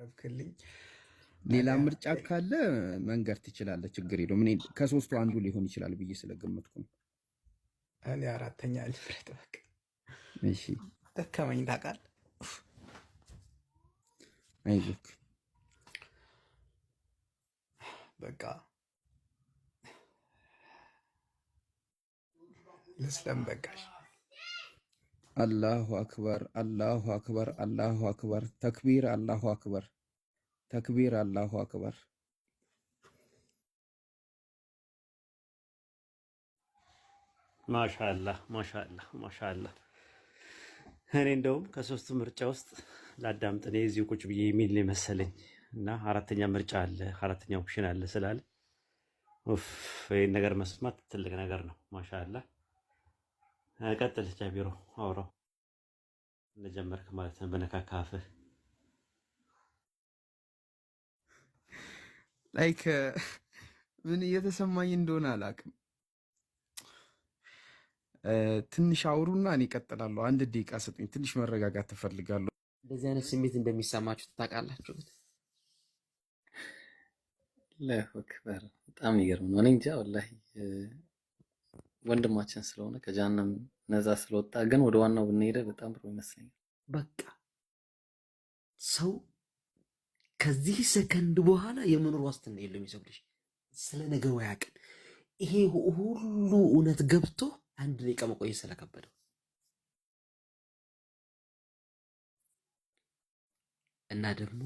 ረብክልኝ ሌላ ምርጫ ካለ መንገድ ትችላለ። ችግር የለውም። እኔ ከሶስቱ አንዱ ሊሆን ይችላል ብዬ ስለገመትኩ ነው። እኔ አራተኛ ልፍረጥ። በቃ እሺ፣ ደከመኝ። ታውቃለህ፣ አይዞክ። በቃ ልስለም። በቃሽ አላሁ አክበር አላሁ አክበር አላሁ አክበር ተክቢር አላሁ አክበር ተክቢር አላሁ አክበር ማሻአላህ ማሻአላህ ማሻአላህ እኔ እንደውም ከሶስቱ ምርጫ ውስጥ ላዳምጥ እኔ እዚሁ ቁጭ ብዬ የሚል መሰለኝ እና አራተኛ ምርጫ አለ አራተኛ ኦፕሽን አለ ስላለ ይህን ነገር መስማት ትልቅ ነገር ነው ማሻአላህ ቀጥል ጃቢሮ አውራው እንደጀመርክ ማለት ነው። በነካካፍህ ላይክ ምን እየተሰማኝ እንደሆነ አላውቅም። ትንሽ አውሩና እኔ እቀጥላለሁ። አንድ ደቂቃ ስጡኝ። ትንሽ መረጋጋት ትፈልጋለሁ። እንደዚህ አይነት ስሜት እንደሚሰማችሁ ታውቃላችሁ። አላሁ በጣም ይገርም ነው። እኔ እንጃ ወላሂ ወንድማችን ስለሆነ ከጃንም ነዛ ስለወጣ ግን ወደ ዋናው ብንሄደ በጣም ጥሩ ይመስለኛል። በቃ ሰው ከዚህ ሰከንድ በኋላ የመኖር ዋስትና የለም። የሰው ልጅ ስለ ነገሩ አያውቅም። ይሄ ሁሉ እውነት ገብቶ አንድ ደቂቃ መቆየት ስለከበደው እና ደግሞ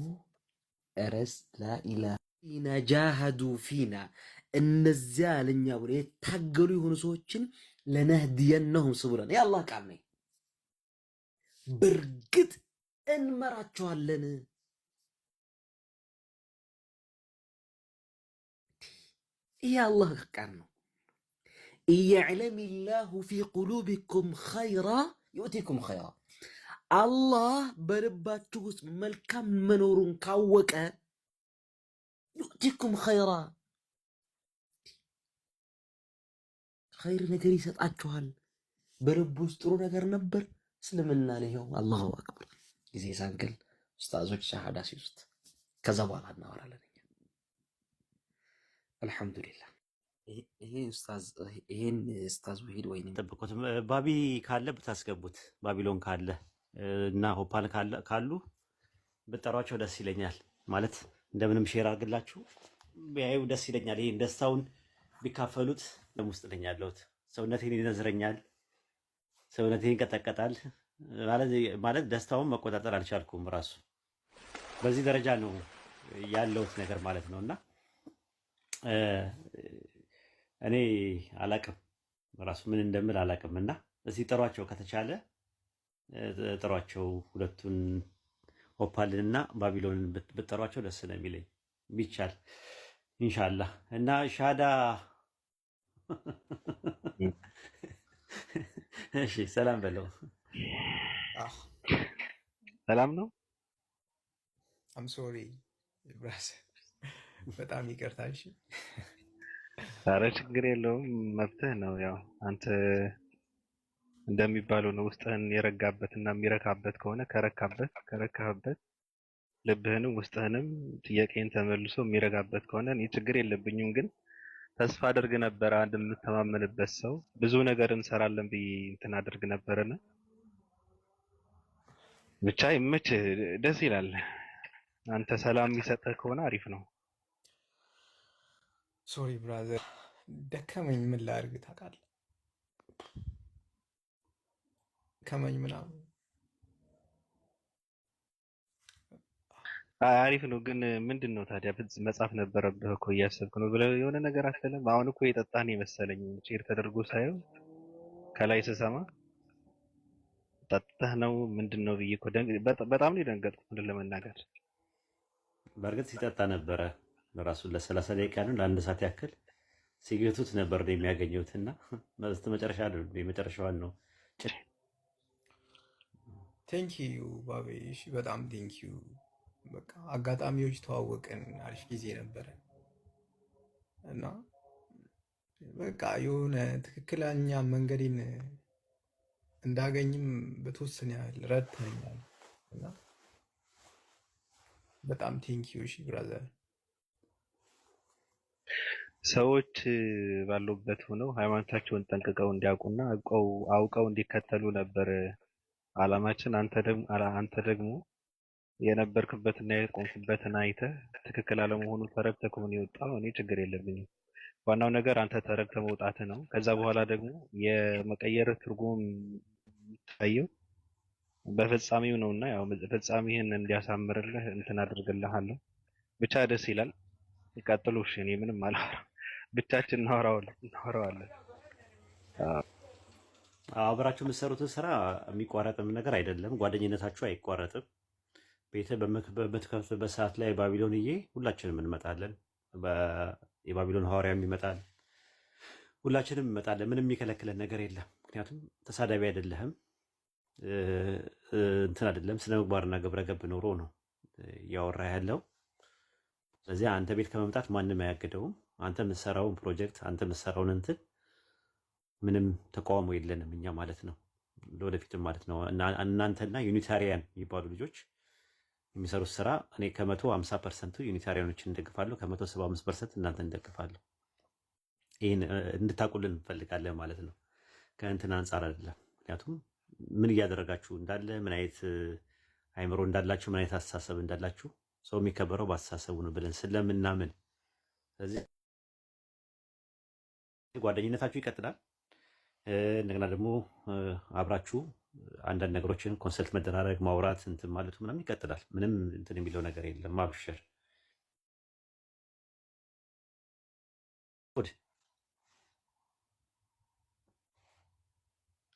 ረስ ላኢላ ፊና ጃሃዱ ፊና እነዚያ ለኛ ብሎ የታገሉ የሆኑ ሰዎችን ለነህዲየነሁም ስቡለና የአላህ ቃል ነኝ በእርግጥ እንመራቸዋለን። ይህ አላህ ቃል ነው። እያዕለም ላሁ ፊ ቁሉቢኩም ኸይራ ዩእቲኩም ኸይራ አላህ በልባችሁ ውስጥ መልካም መኖሩን ካወቀ ዩእቲኩም ኸይራ ኸይር ነገር ይሰጣችኋል። በልቡ ውስጥ ጥሩ ነገር ነበር። እስልምና ይኸው አላሁ አክበር። ጊዜ ሳንክል ኡስታዞች ሻሃዳ ሲውስጥ ከዛ በኋላ እናወራለን። አልሐምዱሊላህ ይሄን ኡስታዝ ውሂድ ወይ ጠብቁት። ባቢ ካለ ብታስገቡት ባቢሎን ካለ እና ሆፓል ካሉ ብጠሯቸው ደስ ይለኛል። ማለት እንደምንም ሼር አድርግላችሁ ቢያዩ ደስ ይለኛል። ይሄን ደስታውን ቢካፈሉት ውስጥ ነኝ ያለሁት። ሰውነቴን ይነዝረኛል፣ ሰውነቴን ይንቀጠቀጣል። ማለት ደስታውን መቆጣጠር አልቻልኩም። ራሱ በዚህ ደረጃ ነው ያለሁት ነገር ማለት ነው። እና እኔ አላቅም ራሱ ምን እንደምል አላቅም። እና እዚህ ጥሯቸው ከተቻለ ጥሯቸው ሁለቱን ኦፓልን እና ባቢሎንን ብጠሯቸው ደስ ነው የሚለኝ ቢቻል ኢንሻላህ እና ሻዳ እሺ ሰላም በለው። ሰላም ነው። አም ሶሪ በጣም ይቅርታ። እሺ፣ ኧረ ችግር የለውም መብትህ ነው። ያው አንተ እንደሚባለው ነው። ውስጥህን የረጋበት እና የሚረካበት ከሆነ ከረካበት ከረካበት ልብህንም ውስጥህንም ጥያቄን ተመልሶ የሚረጋበት ከሆነ እኔ ችግር የለብኝም ግን ተስፋ አድርግ ነበረ። አንድ የምተማመንበት ሰው ብዙ ነገር እንሰራለን ብዬ እንትን አድርግ ነበረና ብቻ ይመች ደስ ይላል። አንተ ሰላም የሚሰጥህ ከሆነ አሪፍ ነው። ሶሪ ብራዘር፣ ደከመኝ። ምን ላድርግ ታውቃለህ፣ ከመኝ ምናምን አሪፍ ነው ግን ምንድን ነው ታዲያ መጽሐፍ ነበረብህ እኮ እያሰብክ ነው ብለህ የሆነ ነገር አትልም? አሁን እኮ የጠጣን የመሰለኝ ጭር ተደርጎ ሳየው ከላይ ስሰማ ጠጥተህ ነው ምንድን ነው ብዬ በጣም ነው የደንገጥኩት። ምንድን ለመናገር በእርግጥ ሲጠጣ ነበረ ራሱ ለሰላሳ ደቂቃ ነው ለአንድ ሰዓት ያክል ሲገቱት ነበር ነው የሚያገኘሁት እና መስት መጨረሻ የመጨረሻዋን ነው ቴንኪዩ ባቤሽ በጣም ቴንኪዩ በቃ አጋጣሚዎች ተዋወቅን። አሪፍ ጊዜ ነበረ እና በቃ የሆነ ትክክለኛ መንገዴን እንዳገኝም በተወሰነ ያህል ረድተኛል እና በጣም ቴንኪዎች ብራዘር። ሰዎች ባሉበት ሆነው ሃይማኖታቸውን ጠንቅቀው እንዲያውቁና አውቀው እንዲከተሉ ነበር አላማችን። አንተ ደግሞ የነበርክበትና የቆምክበትን አይተህ ትክክል አለመሆኑን ተረድተህ ከሆነ የወጣኸው እኔ ችግር የለብኝም። ዋናው ነገር አንተ ተረድተህ መውጣት ነው። ከዛ በኋላ ደግሞ የመቀየር ትርጉም የሚታየው በፈጻሚው ነው እና ያው ፈጻሚህን እንዲያሳምርልህ እንትን አድርግልሃለሁ። ብቻ ደስ ይላል። ቀጥሉ። እሺ፣ እኔ ምንም አላወራም። ብቻችን እናወራዋለን። አብራችሁ የምትሰሩትን ስራ የሚቋረጥም ነገር አይደለም። ጓደኝነታችሁ አይቋረጥም። ቤተ በምትከፍትበት ሰዓት ላይ ባቢሎን እዬ ሁላችንም እንመጣለን። የባቢሎን ሐዋርያም ይመጣል፣ ሁላችንም እንመጣለን። ምንም የሚከለክለን ነገር የለም። ምክንያቱም ተሳዳቢ አይደለህም፣ እንትን አይደለም። ስነ ምግባርና ግብረ ገብ ኖሮ ነው እያወራ ያለው። ስለዚህ አንተ ቤት ከመምጣት ማንም አያገደውም። አንተ የምትሰራውን ፕሮጀክት አንተ የምትሰራውን እንትን ምንም ተቃውሞ የለንም እኛ ማለት ነው፣ ለወደፊትም ማለት ነው። እናንተና ዩኒታሪያን የሚባሉ ልጆች የሚሰሩት ስራ እኔ ከመቶ ሀምሳ ፐርሰንቱ ዩኒታሪያኖችን እንደግፋለሁ፣ ከመቶ ሰባ አምስት ፐርሰንት እናንተ እንደግፋለሁ። ይህን እንድታቁልን እንፈልጋለን ማለት ነው። ከእንትን አንጻር አይደለም። ምክንያቱም ምን እያደረጋችሁ እንዳለ ምን አይነት አይምሮ እንዳላችሁ ምን አይነት አስተሳሰብ እንዳላችሁ ሰው የሚከበረው በአስተሳሰቡ ነው ብለን ስለምናምን፣ ስለዚህ ጓደኝነታችሁ ይቀጥላል። እንደገና ደግሞ አብራችሁ አንዳንድ ነገሮችን ኮንሰልት መደራረግ ማውራት እንትን ማለቱ ምናምን ይቀጥላል። ምንም እንትን የሚለው ነገር የለም። ማብሸር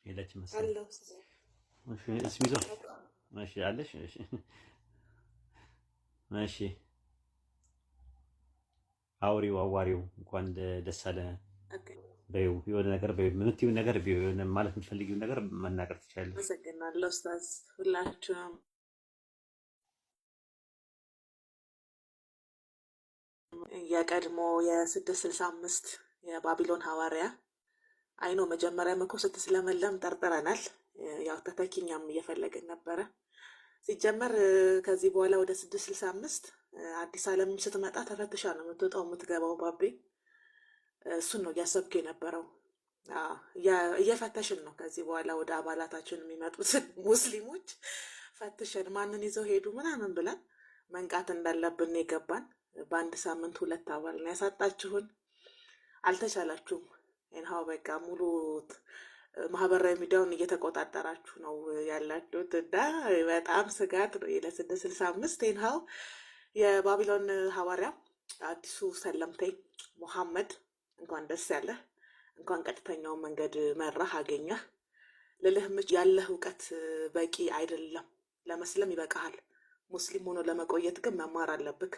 ሄለች አለሽ። እሺ አውሪው፣ አዋሪው እንኳን ደስ አለ። በዩ የሆነ ነገር በምትዩ ነገር ሆነ ማለት የምትፈልጊው ነገር መናገር ትችላለሽ። አመሰግናለሁ ኡስታዝ ሁላችሁም የቀድሞ የስድስት ስልሳ አምስት የባቢሎን ሐዋርያ አይኖ መጀመሪያ እኮ ስትስለመለም ጠርጥረናል። ያው ተተኪኛም እየፈለግን ነበረ ሲጀመር ከዚህ በኋላ ወደ ስድስት ስልሳ አምስት አዲስ ዓለምም ስትመጣ ተፈትሻ ነው የምትወጣው የምትገባው ባቤ እሱን ነው እያሰብኩ የነበረው። እየፈተሽን ነው ከዚህ በኋላ ወደ አባላታችን የሚመጡት ሙስሊሞች ፈትሸን ማንን ይዘው ሄዱ ምናምን ብለን መንቃት እንዳለብን የገባን። በአንድ ሳምንት ሁለት አባል ነው ያሳጣችሁን። አልተቻላችሁም። ይንሀው በቃ ሙሉ ማህበራዊ ሚዲያውን እየተቆጣጠራችሁ ነው ያላችሁት እና በጣም ስጋት ነው። ለስድስት ስልሳ አምስት ይንሀው የባቢሎን ሐዋርያ አዲሱ ሰለምተኝ ሙሐመድ እንኳን ደስ ያለህ፣ እንኳን ቀጥተኛውን መንገድ መራህ አገኘህ ልልህ ያለህ እውቀት በቂ አይደለም። ለመስለም ይበቃሃል። ሙስሊም ሆኖ ለመቆየት ግን መማር አለብክ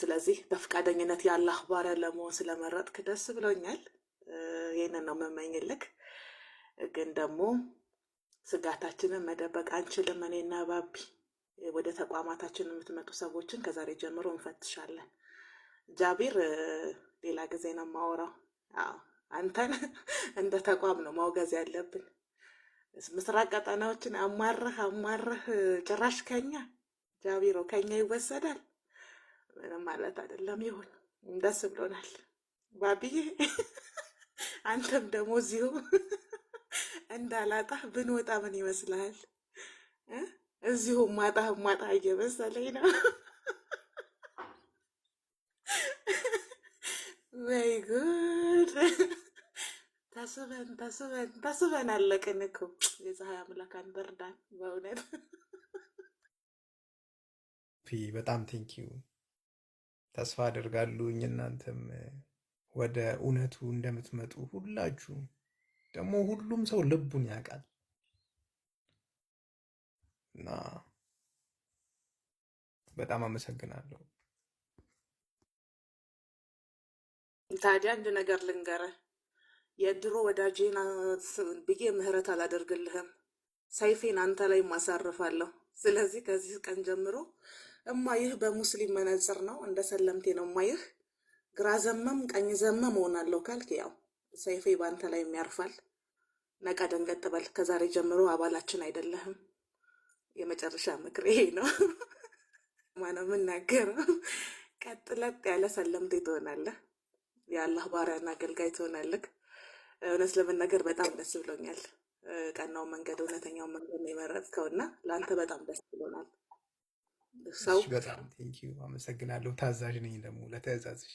ስለዚህ በፈቃደኝነት የአላህ ባሪያ ለመሆን ስለመረጥክ ደስ ብሎኛል። ይህንን ነው የምመኝልህ። ግን ደግሞ ስጋታችንን መደበቅ አንችልም። እኔና ባቢ ወደ ተቋማታችን የምትመጡ ሰዎችን ከዛሬ ጀምሮ እንፈትሻለን። ጃቢር ሌላ ጊዜ ነው የማወራው። አንተን እንደ ተቋም ነው ማውገዝ ያለብን። ምስራቅ ቀጠናዎችን አማረህ አማረህ ጭራሽ ከኛ ጃቢሮ ከኛ ይወሰዳል። ምንም ማለት አይደለም። ይሁን ደስ ብሎናል። ባብዬ አንተም ደግሞ እዚሁ እንዳላጣህ ብንወጣ ምን ይመስልሃል? እዚሁ ማጣህ ማጣህ እየመሰለኝ ነው። ወይ ጉድ! ተስበን ተስበን ተስበን አለቅን እኮ። የፀሐይ አምላክ አንበርዳን በእውነት በጣም ቴንኪዩ። ተስፋ አደርጋሉኝ እናንተም ወደ እውነቱ እንደምትመጡ ሁላችሁ። ደግሞ ሁሉም ሰው ልቡን ያውቃል እና በጣም አመሰግናለሁ። ታዲያ አንድ ነገር ልንገረ የድሮ ወዳጄን ብዬ ምህረት አላደርግልህም። ሰይፌን አንተ ላይ ማሳርፋለሁ። ስለዚህ ከዚህ ቀን ጀምሮ እማይህ በሙስሊም መነጽር ነው፣ እንደ ሰለምቴ ነው እማይህ። ግራ ዘመም ቀኝ ዘመም እሆናለሁ ካልክ ያው ሰይፌ በአንተ ላይ የሚያርፋል። ነቃ ደንገጥ በል። ከዛሬ ጀምሮ አባላችን አይደለህም። የመጨረሻ ምክር ይሄ ነው። ማነው የምናገረው? ቀጥ ለጥ ያለ ሰለምቴ ትሆናለህ። የአላህ ባሪያና አገልጋይ ትሆናለህ። እውነት ለመናገር በጣም ደስ ብሎኛል። ቀናው መንገድ እውነተኛው መንገድ ነው የመረጥከው እና ለአንተ በጣም ደስ ብሎናል። ሰው በጣም አመሰግናለሁ። ታዛዥ ነኝ ደግሞ ለትዕዛዝሽ